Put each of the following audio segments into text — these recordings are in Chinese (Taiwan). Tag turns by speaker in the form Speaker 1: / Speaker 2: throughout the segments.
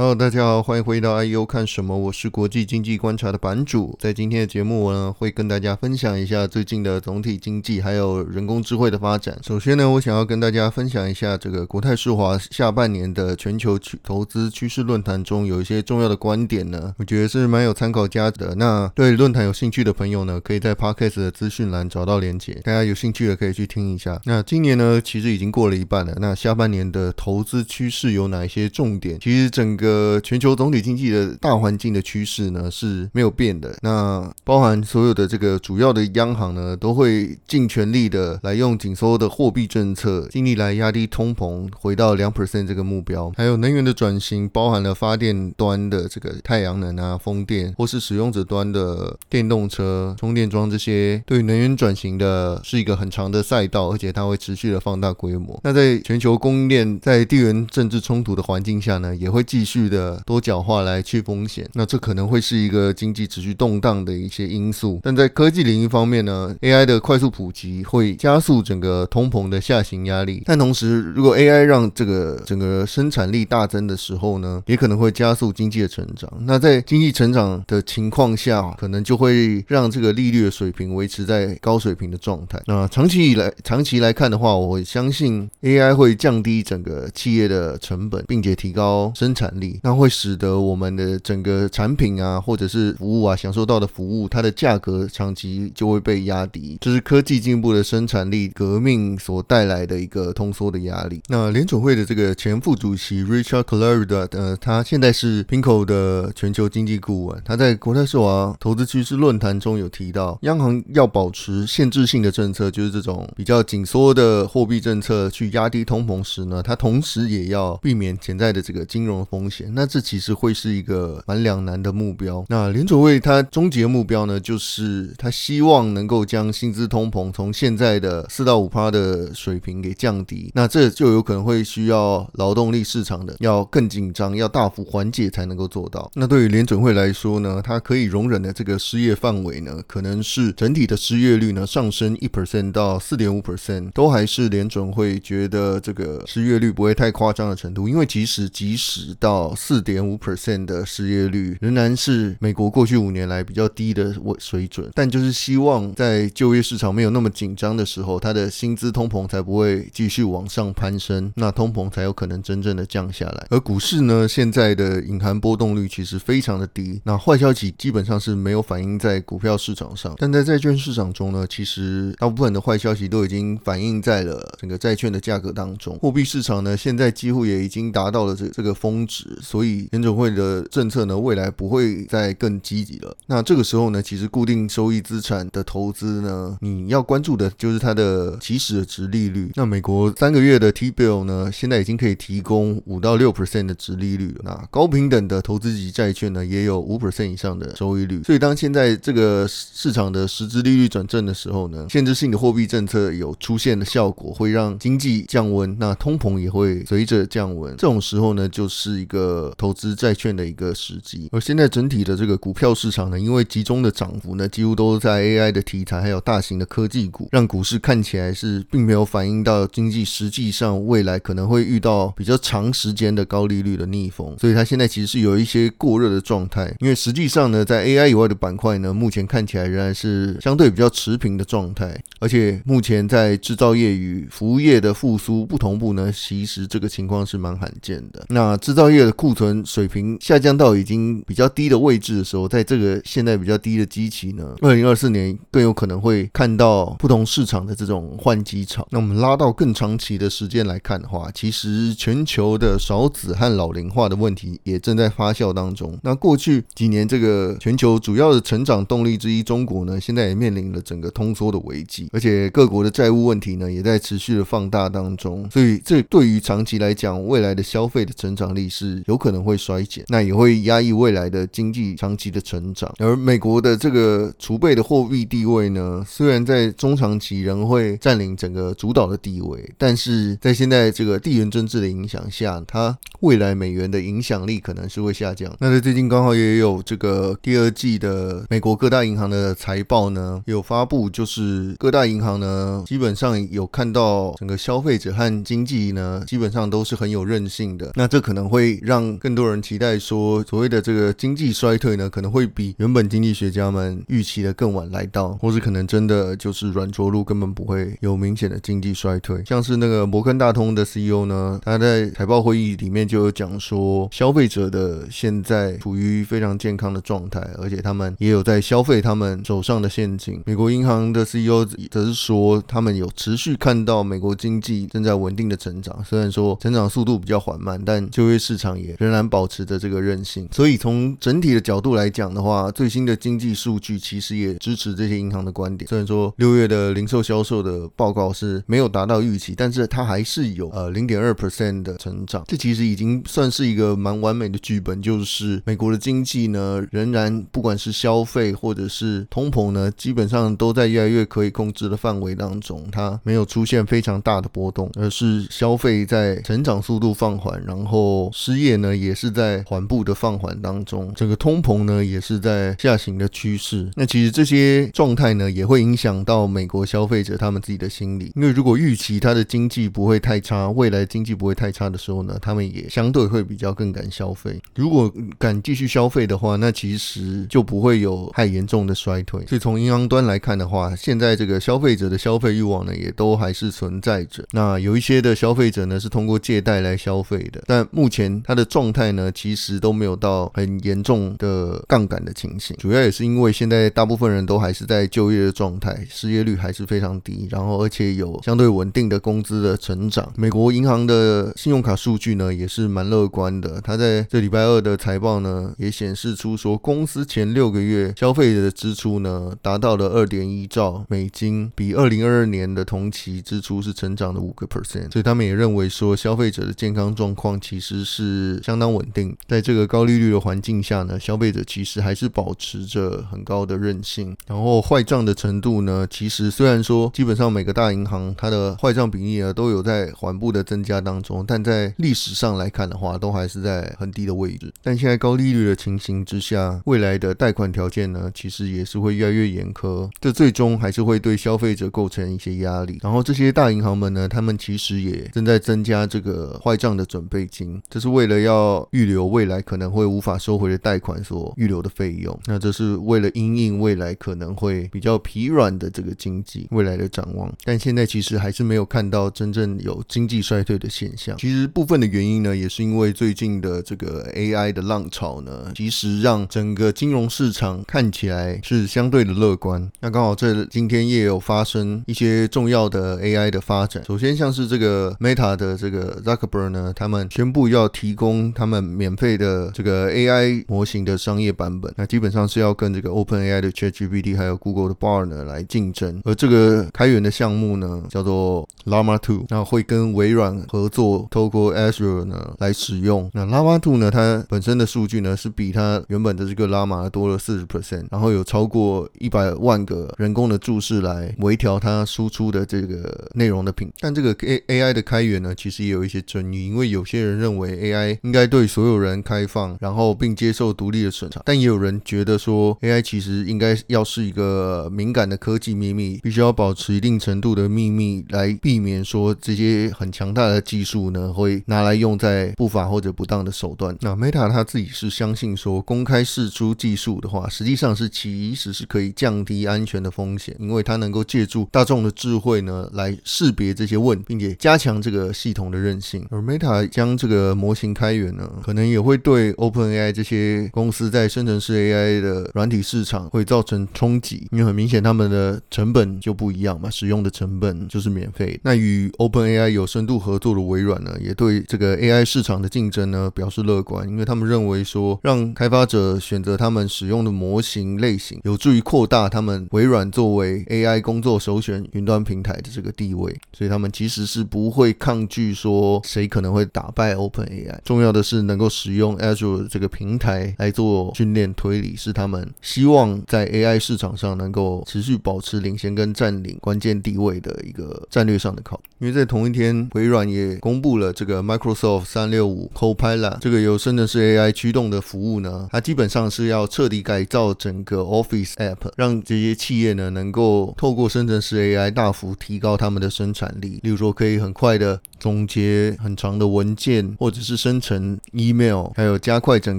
Speaker 1: Hello 大家好，歡迎回到 IEO 看什麼？我是國際經濟觀察的版主，在今天的節目我呢，會跟大家分享一下最近的總體經濟還有人工智慧的發展。首先呢，我想要跟大家分享一下這個國泰世華下半年的全球投資趨勢論壇中有一些重要的觀點呢，我覺得是蠻有參考價值的。那對論壇有興趣的朋友呢，可以在 Podcast 的資訊欄找到鏈接，大家有興趣的可以去聽一下。那今年呢，其實已經過了一半了，那下半年的投資趨勢有哪一些重點？其實整個呃，全球總體經濟的大環境的趨勢呢，是沒有變的。那包含所有的這個主要的央行呢，都會盡全力的來用緊縮的貨幣政策，盡力來壓低通膨，回到兩 percent 這個目標。還有能源的轉型，包含了發電端的這個太陽能啊、風電，或是使用者端的電動車、充電樁這些，對能源轉型的，是一個很長的賽道，而且它會持續的放大規模。那在全球供應鏈，在地緣政治衝突的環境下呢，也會繼續的多角化來去風險，那這可能會是一個經濟持續動盪的一些因素。但在科技領域方面呢，AI 的快速普及會加速整個通膨的下行壓力。但同時，如果 AI 讓這個整個生產力大增的時候呢，也可能會加速經濟的成長。那在經濟成長的情況下，可能就會讓這個利率的水平維持在高水平的狀態。那長期以來，長期來看的話，我會相信 AI 會降低整個企業的成本，並且提高生產力。那會使得我們的整個產品啊，或者是服務啊，享受到的服務，它的價格長期就會被壓低，這是科技進步的生產力革命所帶來的一個通縮的壓力。那聯儲會的這個前副主席 Richard Clarida，呃，他現在是 PIMCO 的全球經濟顧問，他在國泰世華投資趨勢論壇中有提到，央行要保持限制性的政策，就是這種比較緊縮的貨幣政策去壓低通膨時呢，它同時也要避免潛在的這個金融風險。那這其實會是一個蠻兩難的目標。那聯準會它終極目標呢，就是它希望能夠將薪資通膨從現在的四到五趴的水平給降低。那這就有可能會需要勞動力市場的要更緊張，要大幅緩解才能夠做到。那對於聯準會來說呢，它可以容忍的這個失業範圍呢，可能是整體的失業率呢上升一 percent 到四點五 percent，都還是聯準會覺得這個失業率不會太誇張的程度。因為即使即使到四點五 percent 的失業率仍然是美國過去五年來比較低的水準，但就是希望在就業市場沒有那麼緊張的時候，它的薪資通膨才不會繼續往上攀升，那通膨才有可能真正的降下來。而股市呢，現在的隱含波動率其實非常的低，那壞消息基本上是沒有反映在股票市場上，但在債券市場中呢，其實大部分的壞消息都已經反映在了整個債券的價格當中。貨幣市場呢，現在幾乎也已經達到了這這個峰值。所以聯準會的政策呢，未來不會再更積極了。那這個時候呢，其實固定收益資產的投資呢，你要關注的就是它的起始的殖利率。那美國三個月的 T bill 呢，現在已經可以提供五到六 percent 的殖利率了。那高平等的投資級債券呢，也有五 percent 以上的收益率。所以當現在這個市場的實質利率轉正的時候呢，限制性的貨幣政策有出現的效果，會讓經濟降溫，那通膨也會隨着降溫。這種時候呢，就是一個。呃，投資債券的一個時機。而現在整體的這個股票市場呢，因為集中的漲幅呢，幾乎都在 AI 的題材還有大型的科技股，讓股市看起來是並沒有反映到經濟實際上未來可能會遇到比較長時間的高利率的逆風，所以它現在其實是有一些過熱的狀態。因為實際上呢，在 AI 以外的板塊呢，目前看起來仍然是相對比較持平的狀態。而且目前在制造業與服務業的復甦不同步呢，其實這個情況是蠻罕見的。那制造業。庫存水平下降到已經比較低的位置的時候，在這個現在比較低的基期呢，二零二四年更有可能會看到不同市場的這種換機潮。那我們拉到更長期的時間來看的話，其實全球的少子和老齡化的問題也正在發酵當中。那過去幾年，這個全球主要的成長動力之一，中國呢，現在也面臨了整個通縮的危機，而且各國的債務問題呢，也在持續的放大當中。所以，這對於長期來講，未來的消費的成長力是。有可能會衰減，那也會壓抑未來的經濟長期的成長。而美國的這個儲備的貨幣地位呢，雖然在中長期仍會佔領整個主導的地位，但是在現在這個地緣政治的影響下，它未來美元的影響力可能是會下降。那在最近剛好也有這個第二季的美國各大銀行的財報呢，有發布，就是各大銀行呢，基本上有看到整個消費者和經濟呢，基本上都是很有韌性的。那這可能會。讓更多人期待說，所謂的這個經濟衰退呢，可能會比原本經濟學家們預期的更晚來到，或是可能真的就是軟着陸，根本不會有明顯的經濟衰退。像是那個摩根大通的 CEO 呢，他在財報會議裡面就有講說，消費者的現在處於非常健康的狀態，而且他們也有在消費他們手上的現金。美國銀行的 CEO 則是說，他們有持續看到美國經濟正在穩定的成長，雖然說成長速度比較緩慢，但就業市場，仍然保持着這個韌性，所以從整體的角度來講的話，最新的經濟數據其實也支持這些銀行的觀點。雖然說六月的零售銷售的報告是沒有達到預期，但是它還是有呃零點二 percent 的成長，這其實已經算是一個蠻完美的劇本，就是美國的經濟呢仍然不管是消費或者是通膨呢，基本上都在越來越可以控制的範圍當中，它沒有出現非常大的波動，而是消費在成長速度放緩，然後失。業呢也是在緩步的放緩當中，整個通膨呢也是在下行的趨勢。那其實這些狀態呢也會影響到美國消費者他們自己的心理，因為如果預期他的經濟不會太差，未來經濟不會太差的時候呢，他們也相對會比較更敢消費。如果敢繼續消費的話，那其實就不會有太嚴重的衰退。所以從銀行端來看的話，現在這個消費者的消費慾望呢也都還是存在着。那有一些的消費者呢是通過借貸來消費的，但目前。他的狀態呢，其實都沒有到很嚴重的槓桿的情形，主要也是因為現在大部分人都還是在就業的狀態，失業率還是非常低，然後而且有相對穩定的工資的成長。美國銀行的信用卡數據呢，也是蠻樂觀的。他在這禮拜二的財報呢，也顯示出說，公司前六個月消費者的支出呢，達到了二點一兆美金，比二零二二年的同期支出是成長了五個 percent。所以他們也認為說，消費者的健康狀況其實是。是相當穩定，在這個高利率的環境下呢，消費者其實還是保持着很高的韌性。然後壞賬的程度呢，其實雖然說基本上每個大銀行它的壞賬比例呢都有在緩步的增加當中，但在歷史上來看的話，都還是在很低的位置。但現在高利率的情形之下，未來的貸款條件呢，其實也是會越來越嚴苛，這最終還是會對消費者構成一些壓力。然後這些大銀行們呢，他們其實也正在增加這個壞賬的準備金，這是為了。為了要預留未來可能會無法收回的貸款所預留的費用，那這是為了因應未來可能會比較疲軟的這個經濟未來的展望。但現在其實還是沒有看到真正有經濟衰退的現象。其實部分的原因呢，也是因為最近的這個 AI 的浪潮呢，其實讓整個金融市場看起來是相對的樂觀。那剛好這今天也有發生一些重要的 AI 的發展。首先像是這個 Meta 的這個 Zuckerberg 呢，他們宣布要提供供他們免費的這個 AI 模型的商業版本，那基本上是要跟這個 OpenAI 的 ChatGPT 還有 Google 的 Bard 呢來競爭。而這個開源的項目呢，叫做 Llama 2，那會跟微軟合作，透過 Azure 呢來使用。那 Llama 2呢，它本身的數據呢是比它原本的這個 Llama 多了四十 percent，然後有超過一百萬個人工的注釋來微調它輸出的這個內容的品。但這個 A AI 的開源呢，其實也有一些爭議，因為有些人認為 AI 應該對所有人開放，然後並接受獨立的審查。但也有人覺得說，AI 其實應該要是一個敏感的科技秘密，必須要保持一定程度的秘密，來避免說這些很強大的技術呢會拿來用在不法或者不當的手段。那 Meta 他自己是相信說，公開釋出技術的話，實際上是其實是可以降低安全的風險，因為他能夠借助大眾的智慧呢來識別這些問題，並且加強這個系統的韌性。而 Meta 將這個模型。開源呢，可能也會對 OpenAI 這些公司在生成式 AI 的軟體市場會造成衝擊，因為很明顯他們的成本就不一樣嘛，使用的成本就是免費。那與 OpenAI 有深度合作的微軟呢，也對這個 AI 市場的競爭呢表示樂觀，因為他們認為說，讓開發者選擇他們使用的模型類型，有助於擴大他們微軟作為 AI 工作首選雲端平台的這個地位。所以他們其實是不會抗拒說，誰可能會打敗 OpenAI。重要的是能夠使用 Azure 這個平台來做訓練推理，是他們希望在 AI 市場上能夠持續保持領先跟佔領關鍵地位的一個戰略上的考慮。因為在同一天，微軟也公布了這個 Microsoft 三六五 Copilot，這個由生成式 AI 驅動的服務呢，它基本上是要徹底改造整個 Office App，讓這些企業呢能夠透過生成式 AI 大幅提高他們的生產力，例如說可以很快的。總結很長的文件，或者是生成 email，還有加快整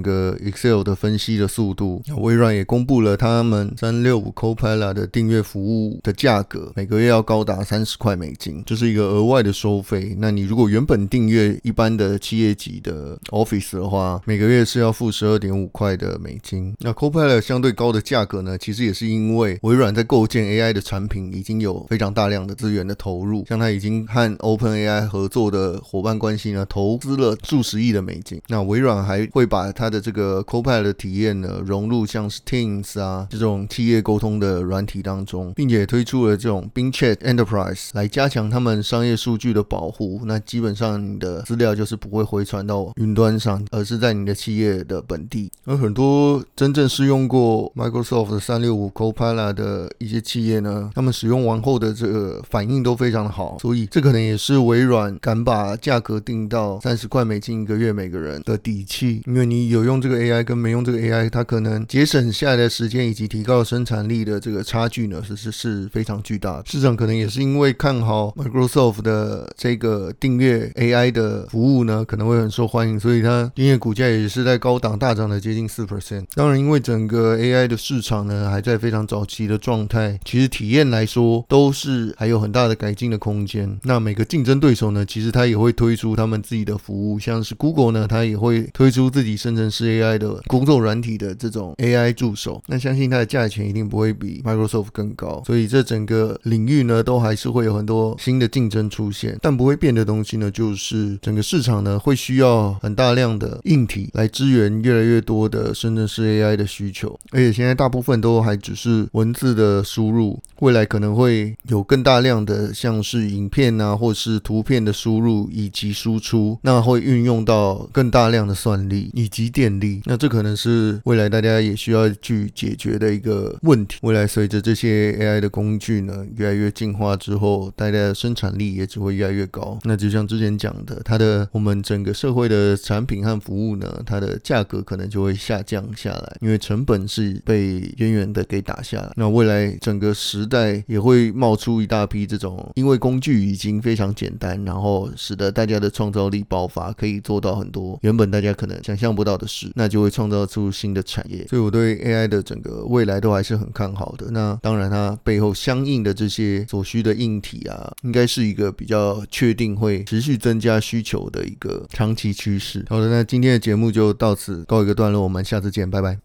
Speaker 1: 個 Excel 的分析的速度。微軟也公布了他們三六五 Copilot 的訂閱服務的價格，每個月要高達三十塊美金，就是一個額外的收費。那你如果原本訂閱一般的企業級的 Office 的話，每個月是要付十二點五塊的美金。那 Copilot 相對高的價格呢，其實也是因為微軟在構建 AI 的產品已經有非常大量的資源的投入，像它已經和 OpenAI 合做的夥伴關係呢，投資了數十億的美金。那微軟還會把它的這個 Copilot 的體驗呢，融入像是 Teams 啊這種企業溝通的軟體當中，並且推出了這種 Bing Chat Enterprise 來加強他們商業數據的保護。那基本上你的資料就是不會回傳到雲端上，而是在你的企業的本地。而很多真正試用過 Microsoft 365 Copilot 的一些企業呢，他們使用完後的這個反應都非常的好，所以這可能也是微軟。敢把價格定到三十塊美金一個月每個人的底氣，因為你有用這個 AI 跟沒用這個 AI，它可能節省下來的時間以及提高生產力的這個差距呢，是是是非常巨大的。市場可能也是因為看好 Microsoft 的這個訂閱 AI 的服務呢，可能會很受歡迎，所以它訂閱股價也是在高檔大漲的接近四%。當然，因為整個 AI 的市場呢還在非常早期的狀態，其實體驗來說都是還有很大的改進的空間。那每個競爭對手呢？其實它也會推出他們自己的服務，像是 Google 呢，它也會推出自己生成式 AI 的工作軟體的這種 AI 助手。那相信它的價錢一定不會比 Microsoft 更高，所以這整個領域呢，都還是會有很多新的競爭出現。但不會變的東西呢，就是整個市場呢，會需要很大量的硬體來支援，越來越多的生成式 AI 的需求。而且現在大部分都還只是文字的輸入，未來可能會有更大量的像是影片啊，或是圖片的。輸入以及輸出，那會運用到更大量的算力以及電力，那這可能是未來大家也需要去解決的一個問題。未來隨着這些 AI 的工具呢，越來越進化之後，大家的生產力也只會越來越高。那就像之前講的，它的我們整個社會的產品和服務呢，它的價格可能就會下降下來，因為成本是被遠遠的給打下來。那未來整個時代也會冒出一大批這種，因為工具已經非常簡單，然後。哦，使得大家的創造力爆發，可以做到很多原本大家可能想象不到的事，那就會創造出新的產業。所以我對 AI 的整個未來都還是很看好的。那當然，它背後相應的這些所需的硬體啊，應該是一個比較確定會持續增加需求的一個長期趨勢。好的，那今天的節目就到此告一個段落，我們下次見，拜拜。